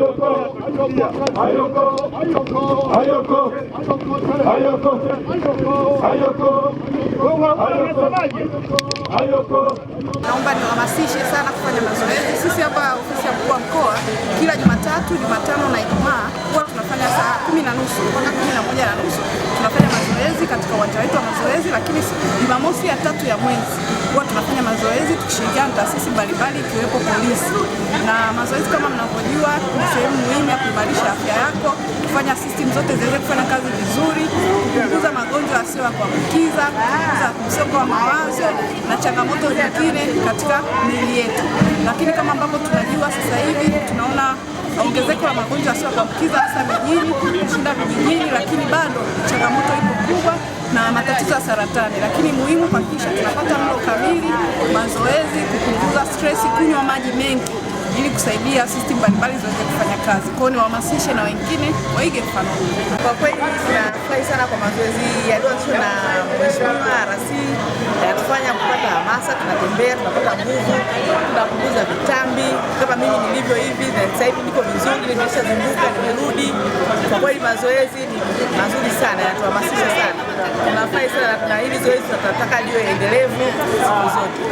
Naomba niwahamasishe sana kufanya mazoezi. Sisi hapa ofisi ya mkuu wa mkoa kila Jumatatu, Jumatano na Ijumaa huwa tunafanya saa kumi na nusu mpaka kumi na moja na nusu tunafanya mazoezi katika uwanja wetu wa mazoezi, lakini Jumamosi ya tatu ya mwezi huwa tunafanya mazoezi tukishirikiana na taasisi mbalimbali ikiwepo polisi. Na mazoezi kama mnavyojua ni sehemu muhimu ya kuimarisha afya yako, kufanya system zote ziweze kufanya kazi vizuri, kupunguza magonjwa yasiyo ya kuambukiza, kupunguza msongo wa mawazo na changamoto zingine katika miili yetu. Lakini kama ambavyo tunajua sasa hivi tunaona ongezeko la magonjwa yasiyo ya kuambukiza hasa mijini kushinda vijijini, lakini bado changamoto saratani, lakini muhimu kuhakikisha tunapata mlo kamili, mazoezi, kupunguza stress, kunywa maji mengi ili kusaidia system mbalimbali ziweze kufanya kazi. kwao ni niwahamasishe na wengine waige mfano huu. Kwa kweli tunafurahi sana kwa mazoezi yaliyoanzishwa na Mheshimiwa RC, yanatufanya kupata hamasa, tunatembea, tunapata nguvu, tunapunguza vitambi. Kama mimi nilivyo hivi na sasa hivi niko vizuri, nimeshazunguka, nimerudi. Kwa kweli mazoezi ni mazuri sana, yanatuhamasisha na hili zoezi tunataka liwe endelevu siku zote.